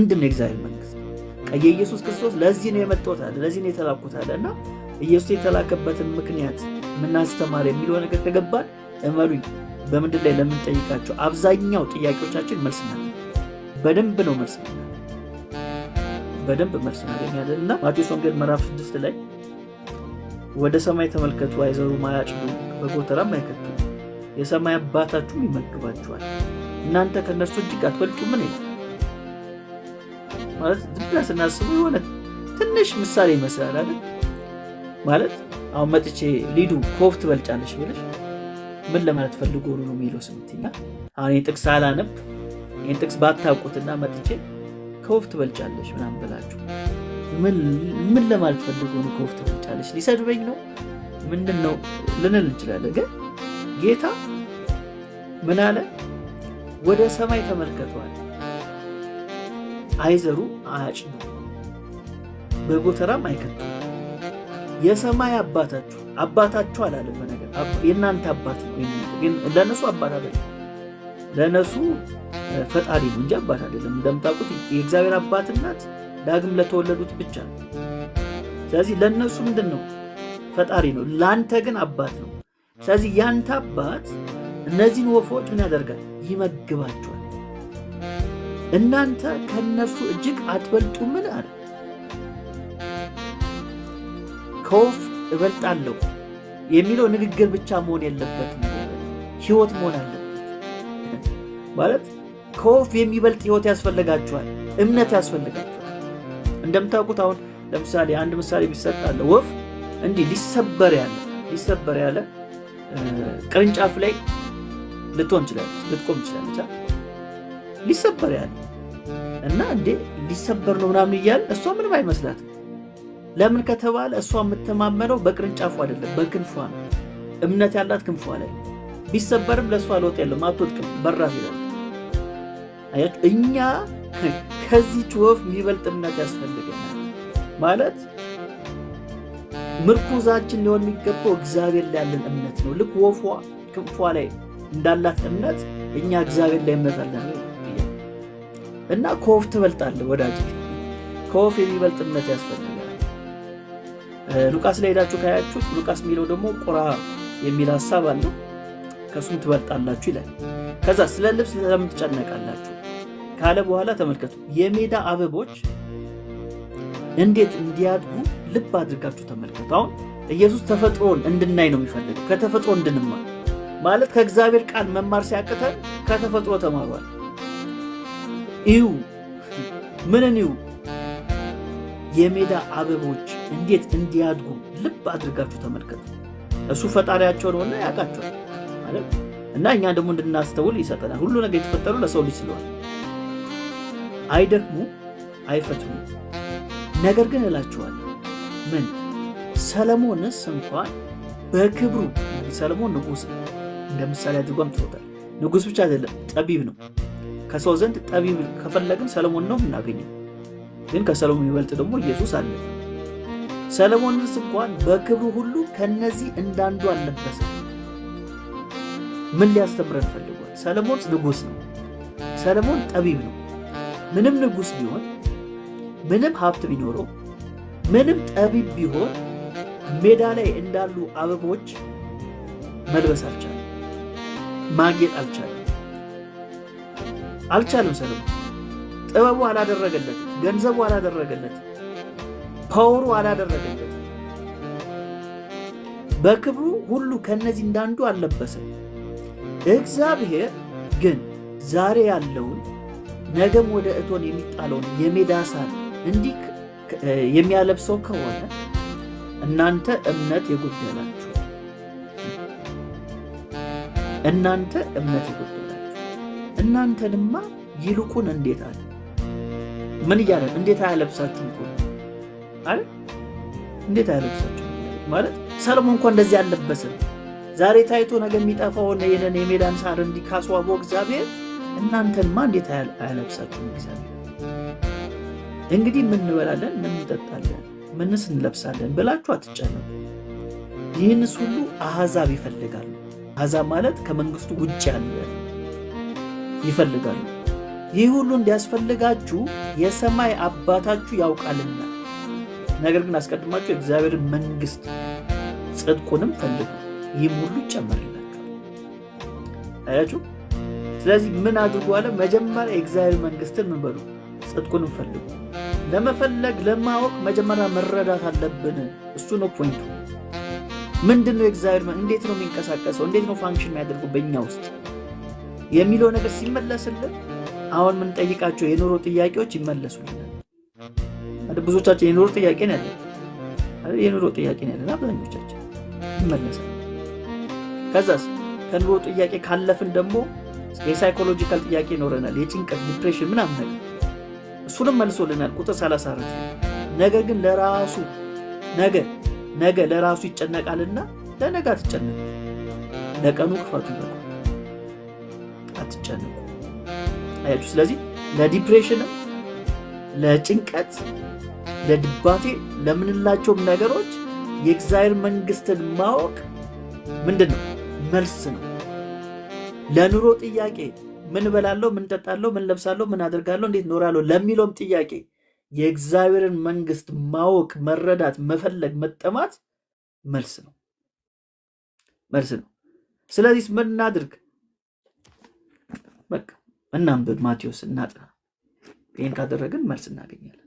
አንድም የእግዚአብሔር መንግስት የኢየሱስ ክርስቶስ ለዚህ ነው የመጣሁት አለ፣ ለዚህ ነው የተላኩት አለ እና ኢየሱስ የተላከበትን ምክንያት የምናስተማር የሚለው ነገር ከገባን እመኑኝ በምድር ላይ ለምንጠይቃቸው አብዛኛው ጥያቄዎቻችን መልስ በደንብ ነው መልስ በደንብ መልስ እናገኛለን እና ማቴዎስ ወንጌል ምዕራፍ ስድስት ላይ ወደ ሰማይ ተመልከቱ፣ አይዘሩም፣ አያጭዱም፣ በጎተራም አይከቱም፣ የሰማይ አባታችሁ ይመግባችኋል፣ እናንተ ከእነርሱ እጅግ አትበልጡ ምን ይላል? ማለት ዝም ብለን ስናስበው የሆነ ትንሽ ምሳሌ ይመስላል አይደል? ማለት አሁን መጥቼ ሊዱ ኮፍ ትበልጫለች ብለሽ ምን ለማለት ፈልጎ ነው የሚለው ስምትና አሁን ይህን ጥቅስ አላነብ ይህን ጥቅስ ባታውቁትና መጥቼ ከወፍ ትበልጫለች ምናምን ብላችሁ ምን ለማለት ፈልጎ ነው ከወፍ ትበልጫለች? ሊሰድበኝ ነው ምንድን ነው ልንል እንችላለን። ግን ጌታ ምን አለ? ወደ ሰማይ ተመልከተዋል አይዘሩ አያጭኑ በጎተራም አይከቱ የሰማይ አባታችሁ አባታችሁ አላለፈ ነገር የእናንተ አባት ነው፣ ግን ለእነሱ አባት አደለም ለእነሱ ፈጣሪ ነው እንጂ አባት አደለም እንደምታውቁት የእግዚአብሔር አባትናት ዳግም ለተወለዱት ብቻ ነው። ስለዚህ ለእነሱ ምንድን ነው ፈጣሪ ነው፣ ለአንተ ግን አባት ነው። ስለዚህ ያንተ አባት እነዚህን ወፎች ምን ያደርጋል? ይመግባቸዋል። እናንተ ከነሱ እጅግ አትበልጡምን አለ። ከወፍ እበልጣለሁ የሚለው ንግግር ብቻ መሆን የለበትም፣ ሕይወት መሆን አለበት። ማለት ከወፍ የሚበልጥ ሕይወት ያስፈልጋችኋል፣ እምነት ያስፈልጋችኋል። እንደምታውቁት አሁን ለምሳሌ አንድ ምሳሌ ቢሰጥ ወፍ እንዲህ ሊሰበር ያለ ሊሰበር ያለ ቅርንጫፍ ላይ ልትሆን ይችላለች፣ ልትቆም ይችላለች። ሊሰበር ያለ እና እንዴ ሊሰበር ነው ምናምን እያለ እሷ ምንም አይመስላትም። ለምን ከተባለ እሷ የምትማመነው በቅርንጫፉ አይደለም በክንፏ ነው። እምነት ያላት ክንፏ ላይ ቢሰበርም ለእሷ ለውጥ የለም። አትወጥቅም በራ ይላል። እኛ ከዚች ወፍ የሚበልጥ እምነት ያስፈልገናል። ማለት ምርኩዛችን ሊሆን የሚገባው እግዚአብሔር ላይ ያለን እምነት ነው። ልክ ወፏ ክንፏ ላይ እንዳላት እምነት እኛ እግዚአብሔር ላይ እምነት አለን። እና ከወፍ ትበልጣለ ወዳጅ። ከወፍ የሚበልጥነት ያስፈልጋል። ሉቃስ ላይ ሄዳችሁ ካያችሁ ሉቃስ የሚለው ደግሞ ቁራ የሚል ሀሳብ አለው። ከእሱም ትበልጣላችሁ ይላል። ከዛ ስለ ልብስ ለምን ትጨነቃላችሁ ካለ በኋላ ተመልከቱ፣ የሜዳ አበቦች እንዴት እንዲያድጉ ልብ አድርጋችሁ ተመልከቱ። አሁን ኢየሱስ ተፈጥሮን እንድናይ ነው የሚፈልገው፣ ከተፈጥሮ እንድንማር ማለት ከእግዚአብሔር ቃል መማር ሲያቅተን ከተፈጥሮ ተማሯል። እዩ። ምንን እዩ? የሜዳ አበቦች እንዴት እንዲያድጉ ልብ አድርጋችሁ ተመልከቱ። እሱ ፈጣሪያቸው ነውና ያውቃቸዋል ማለት እና እኛ ደግሞ እንድናስተውል ይሰጠናል። ሁሉ ነገር የተፈጠሩ ለሰው ልጅ ስለሆነ አይደክሙ፣ አይፈትሙ። ነገር ግን እላችኋል ምን ሰለሞንስ እንኳን በክብሩ ሰለሞን ንጉሥ እንደምሳሌ አድርጎ አምጥቶታል። ንጉሥ ብቻ አይደለም ጠቢብ ነው። ከሰው ዘንድ ጠቢብ ከፈለግን ሰለሞን ነው የምናገኘው። ግን ከሰለሞን ይበልጥ ደግሞ ኢየሱስ አለ። ሰለሞንስ እንኳን በክብሩ ሁሉ ከነዚህ እንዳንዱ አልለበሰ። ምን ሊያስተምረን ፈልጓል? ሰለሞን ንጉሥ ነው። ሰለሞን ጠቢብ ነው። ምንም ንጉሥ ቢሆን፣ ምንም ሀብት ቢኖረው፣ ምንም ጠቢብ ቢሆን ሜዳ ላይ እንዳሉ አበቦች መልበስ አልቻለም፣ ማጌጥ አልቻለም። አልቻለም። ሰለሞን ጥበቡ አላደረገለት፣ ገንዘቡ አላደረገለት ፓወሩ አላደረገለት በክብሩ ሁሉ ከነዚህ እንዳንዱ አልለበሰም። እግዚአብሔር ግን ዛሬ ያለውን ነገም ወደ እቶን የሚጣለውን የሜዳ ሳር እንዲህ የሚያለብሰው ከሆነ እናንተ እምነት የጎደላችሁ እናንተ እምነት የጎደላችሁ እናንተንማ ይልቁን እንዴት አለ ምን እያለ እንዴት አያለብሳችሁ አይደል? እንዴት አያለብሳችሁ ማለት ሰለሞን እንኳ እንደዚህ አልለበሰም። ዛሬ ታይቶ ነገ የሚጠፋውን ይህንን የሜዳን ሳር እንዲህ ካስዋበው እግዚአብሔር እናንተንማ እንዴት አያለብሳችሁ እግዚአብሔር። እንግዲህ ምን እንበላለን፣ ምን እንጠጣለን፣ ምንስ እንለብሳለን ብላችሁ አትጨነቁ። ይህንስ ሁሉ አሕዛብ ይፈልጋሉ። አሕዛብ ማለት ከመንግስቱ ውጭ ያለ ይፈልጋሉ። ይህ ሁሉ እንዲያስፈልጋችሁ የሰማይ አባታችሁ ያውቃልና፣ ነገር ግን አስቀድማችሁ የእግዚአብሔር መንግሥት ጽድቁንም ፈልጉ፣ ይህም ሁሉ ይጨመርላችኋል። አያችሁ? ስለዚህ ምን አድርጉ አለ? መጀመሪያ የእግዚአብሔር መንግሥትን ምን በሉ፣ ጽድቁንም ፈልጉ። ለመፈለግ ለማወቅ መጀመሪያ መረዳት አለብን። እሱ ነው ፖይንቱ። ምንድን ነው የእግዚአብሔር እንዴት ነው የሚንቀሳቀሰው? እንዴት ነው ፋንክሽን የሚያደርጉ በእኛ ውስጥ የሚለው ነገር ሲመለስልን አሁን የምንጠይቃቸው የኑሮ ጥያቄዎች ይመለሱልናል። ብዙዎቻችን የኑሮ ጥያቄ ነው ያለን፣ የኑሮ ጥያቄ ነው ያለን አብዛኞቻችን ይመለሳል። ከዛስ ከኑሮ ጥያቄ ካለፍን ደግሞ የሳይኮሎጂካል ጥያቄ ይኖረናል፣ የጭንቀት ዲፕሬሽን ምናምን ነገር እሱንም መልሶልናል። ቁጥር 34 ነገር ግን ለራሱ ነገ ነገ ለራሱ ይጨነቃልና ለነጋ ትጨነቅ ለቀኑ ክፋቱ ይበቃል። እንዳትጨነቁ አያችሁ። ስለዚህ ለዲፕሬሽንም ለጭንቀት፣ ለድባቴ ለምንላቸውም ነገሮች የእግዚአብሔር መንግስትን ማወቅ ምንድን ነው? መልስ ነው። ለኑሮ ጥያቄ ምን በላለው፣ ምን ጠጣለው፣ ምን ለብሳለሁ፣ ምን አድርጋለው እንዴት ኖራለው ለሚለውም ጥያቄ የእግዚአብሔርን መንግስት ማወቅ፣ መረዳት፣ መፈለግ፣ መጠማት መልስ ነው መልስ ነው። ስለዚህ ምናድርግ? በቃ እናንብብ፣ ማቴዎስ እናጥና። ይህን ካደረግን መልስ እናገኛለን።